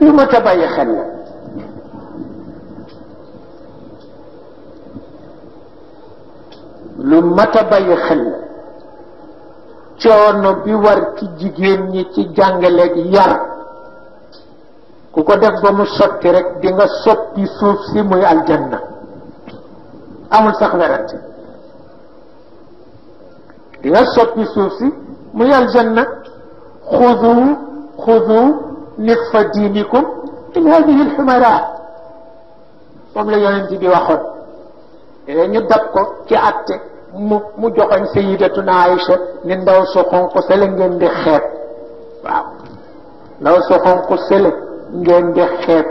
yu mat a lu mat a bàyyi xel la coono bi war ci jigéen ñi ci jàngale yar ku ko def ba mu sotti rek di nga soppi suuf si muy aljanna amul sax werante di nga soppi suuf si muy aljanna xudu xudu نصف دينكم من هذه الحمراء moom la yonent bi waxoon léeg eh, ñu dab ko ci àtte mu mu joxoñ sayidatuna Aïcha ni ndaw su ndaw su xonq sële ngeen di xeeb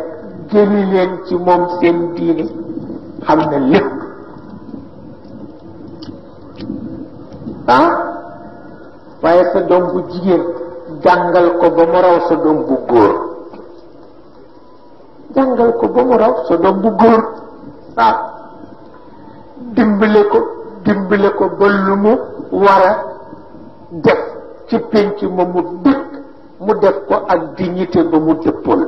jëli leen ci moom seen diini xam na lépp ah waaye sa doom bu jigéen jàngal ko ba mu raw sa bu góor jàngal ko ba mu raw sa bu góor waaw dimbale ko dimbale ko ba lu mu war a def ci pénc ma mu dëkk mu def ko ak dignité ba mu dëppool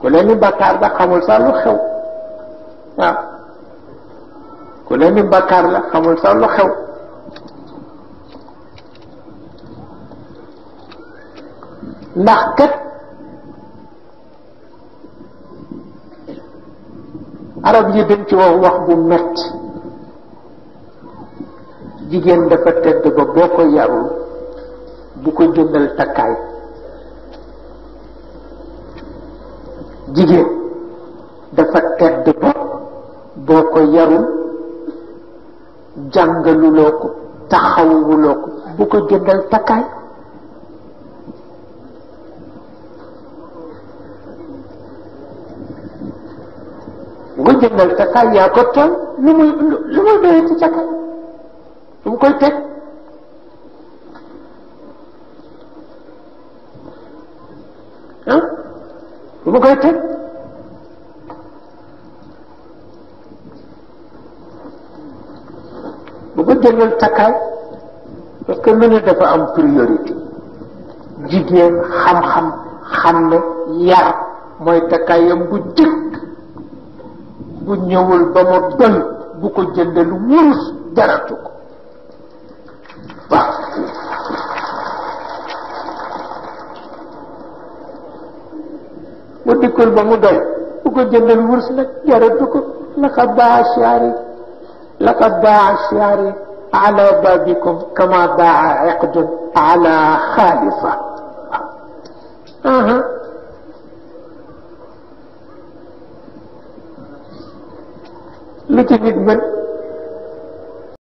ku leen ni bàkkaar ba xamul sax lu xew waaw ku leen ni bàkkaar la xamul sax lu xew ndax kat arab yi dem ci wax wax bu metti jigéen dafa tedd ba boo ko yarul bu ko jëndal takkaay jigéen dafa tedd ba boo ko yarul jàngaluloo ko taxawuloo ko bu ko jëndal takkaay nga jëndal sa kaay yaa ko toll lu muy lu muy doyee lu mu koy teg ah lu mu koy teg bu ko jëndal sa kaay parce que lu ne dafa am priorité jigéen xam-xam xam ne yar mooy takkaayam bu jëkk bu ñëwul ba ma doy bu ko jëndal wurus jaratu ko waaw mu dikkul ba mu doy bu ko jëndal wurus nag jaratu ko laka baa shaari laka baa shaari ala babikum kama baa iqdun ala xaalifa aha lu ci nit mën